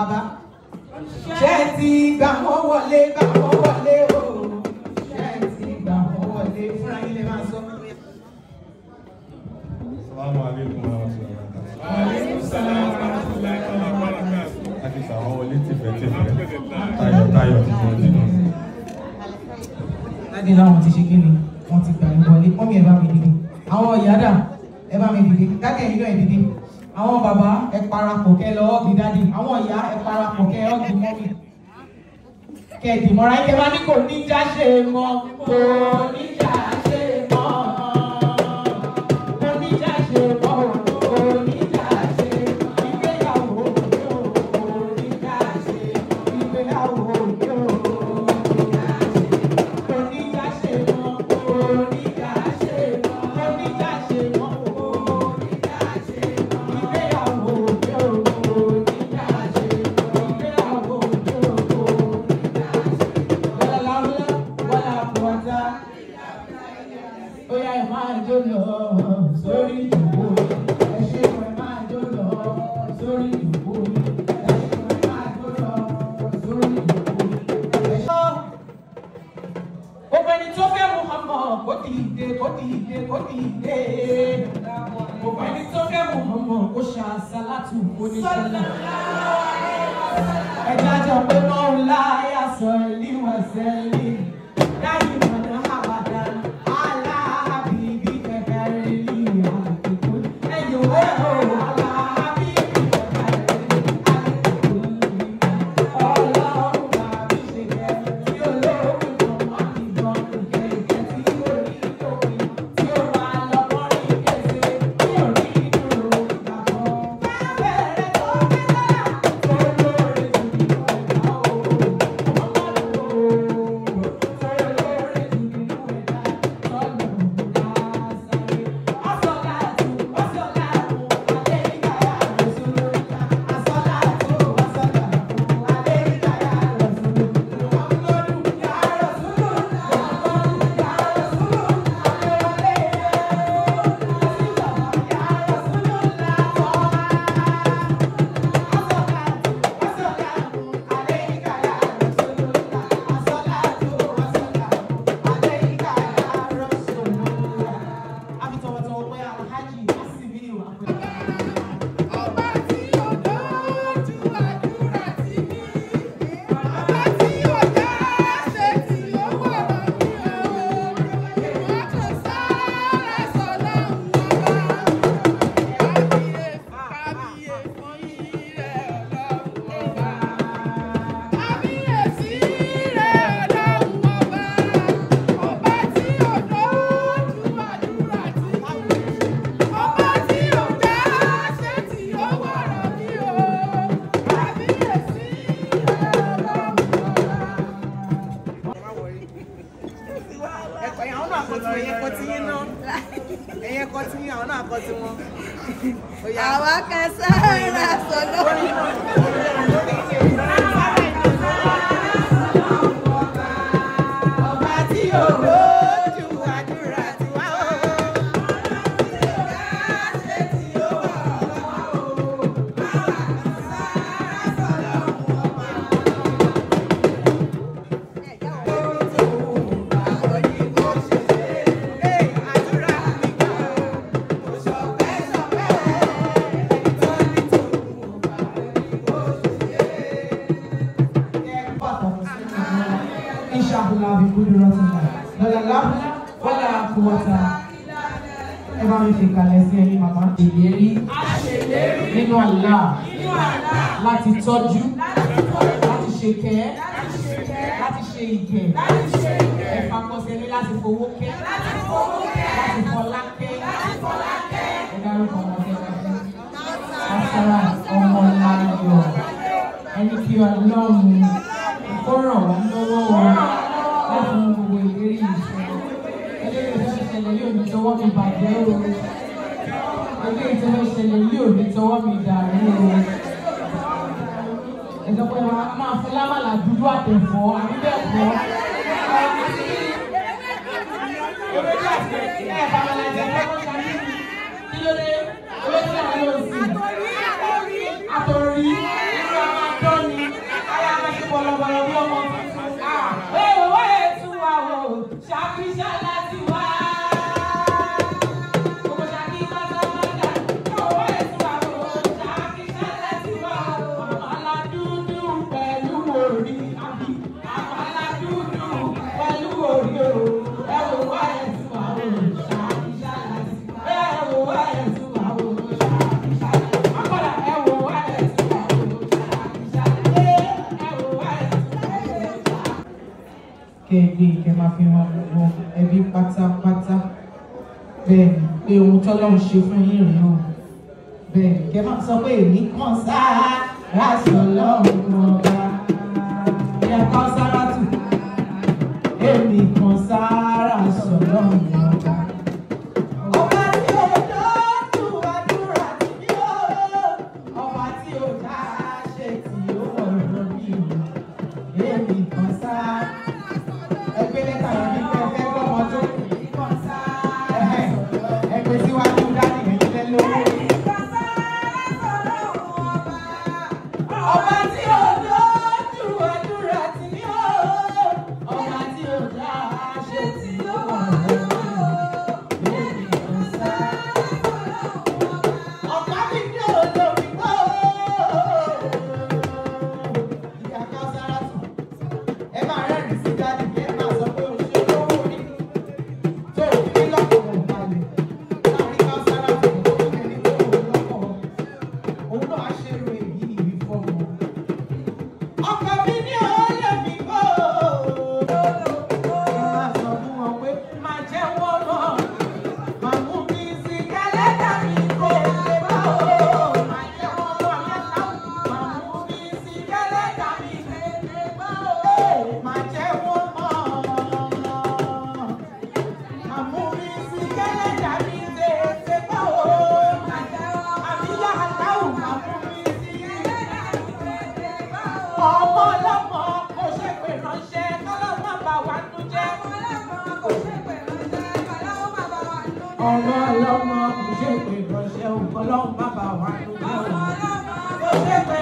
bàbá. ṣé ti gbà wọ́n wọlé gbà wọ́n wọlé o ṣé ti gbà wọ́n wọlé fúnra yín lè máa sọ. Assalamu alaikum warahmatullahi wabarakatuh. Wa alaikum salaam warahmatullahi wabarakatuh. A ti sàwọn wọlé tìfẹ́tìfẹ́ tayọ̀tayọ̀ tí wọ́n dì náà. Láti láwọn ti ṣe kí ni wọ́n ti gbà ń wọlé. Mọ́mí ẹ bá mi dìde. Àwọn ìyá dà ẹ bá mi dìde. Dákẹ́ ìlú ẹ̀ dìde àwọn bàbá ẹ parapọ̀ kẹ́ lọ ọ́ọ̀gì dáàdì àwọn ìyá ẹ parapọ̀ kẹ́ ọ́ọ̀gì mọ́mì kẹ́ ẹ̀dìmọ́ra ẹ kẹ́ bá ní kò níjà ṣe mọ́ kò níjà ṣe. àlá láti tọ́jú láti ṣe kẹ́ láti ṣe ìgẹ̀ ẹ̀fà pọ̀sẹ̀lẹ̀ láti fowó kẹ́ láti fọlá kẹ́ ẹ̀dárúkọ ọmọdé àṣàrà ọmọ ayọ̀ ẹni kí ọlọ́run kó ràn wọ́n lọ́wọ́ wọn láti mú gbogbo ìlérí ìṣẹ́ ẹlẹ́yìn ìṣẹ̀lẹ̀ yóò ní jọ̀wọ́ mi bàjẹ́ o ilé ìtọ́wọ́ ṣẹlẹ̀ ilé òbí tọwọ́ mi dàrú o. ẹ̀dọ́gbẹ́ra máa fẹ́ lámàlà dúdú àtẹ̀fọ́ àbí bẹ́ẹ̀ kọ́. kẹgbẹ ìkẹmà fi wọn gbogbo ẹbí pátápátá bẹ́ẹ̀ ni pé ohun tọ́lọ́run ṣe fún yín rèé o bẹ́ẹ̀ ni kẹmà sọ pé èmi kàn sáà rà sọ lọ́rùn ọba kàn sára tù èmi kàn sára sọ lọ́rùn. fèdè ránṣẹ́ o ọlọ́run bàbá wa ló bá wà. ó ṣe fẹ́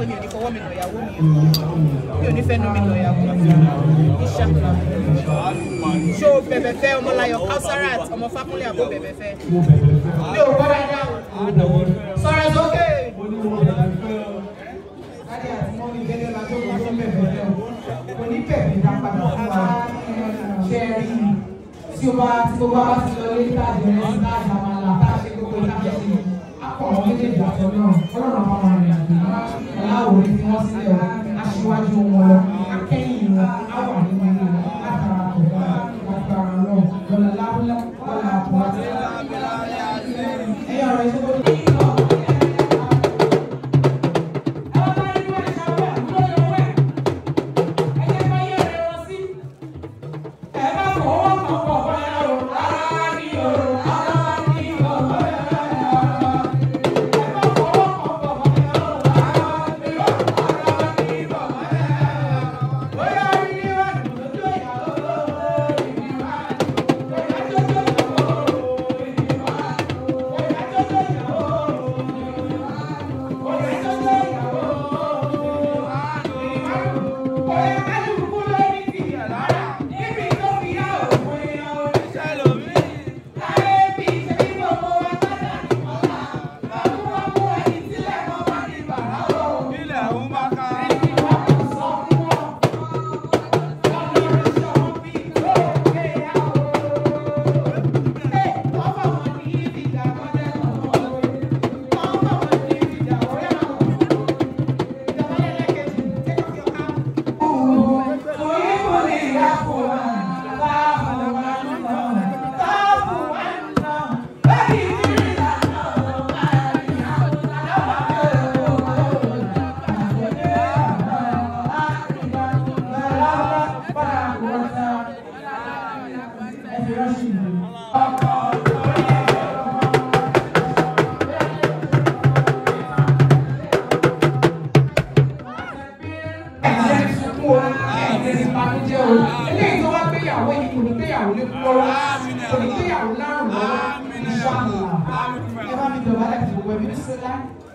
pé mi ò ní fọwọ́ mi lọ ìyàwó mi mi ò ní fẹ́nu mi lọ ìyàwó mi iṣẹ́ ṣó bẹ̀bẹ̀ fẹ́ ọmọláyọ̀ kausarat ọmọ fákúnlé àbó bẹ̀bẹ̀ fẹ́ mi ò gbọ́ dáadáa o sọ̀rọ̀ sókè. tí ó bá tí ó bá ti lọ lé láàjọ rẹ̀ láàjọ àmàlà tá a ṣe gbogbo ìdájọ́ yìí á kọ̀ ọ́ méjèèjì àjọ náà ọlọ́run àwọn ọmọ rẹ̀ àwòrán tí wọ́n sílẹ̀ wọn aṣíwájú wọn lọ.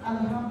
Alejandro.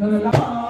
No, no, no,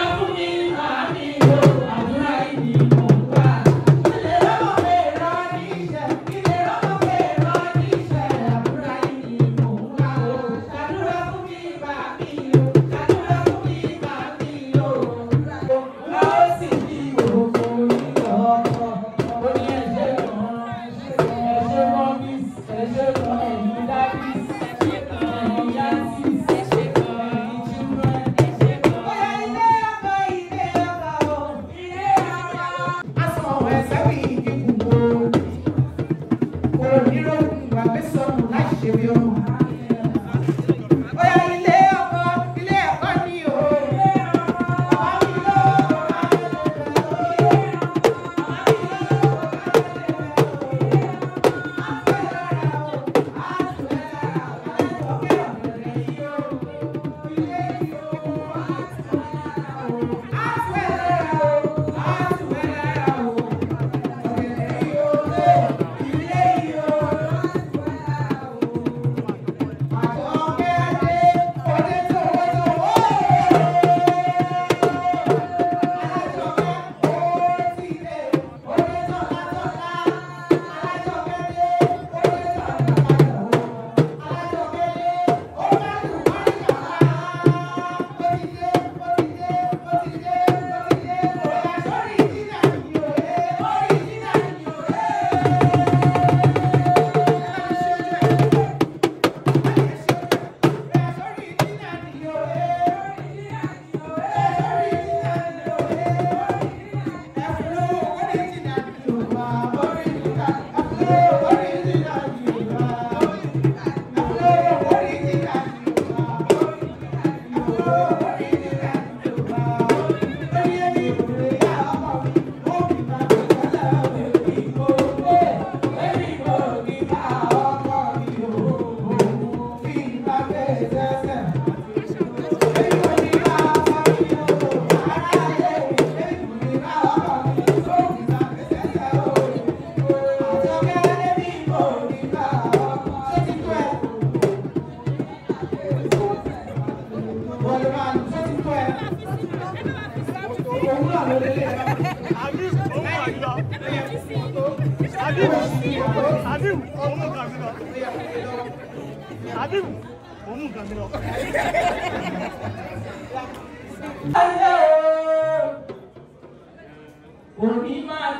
Por mim, mas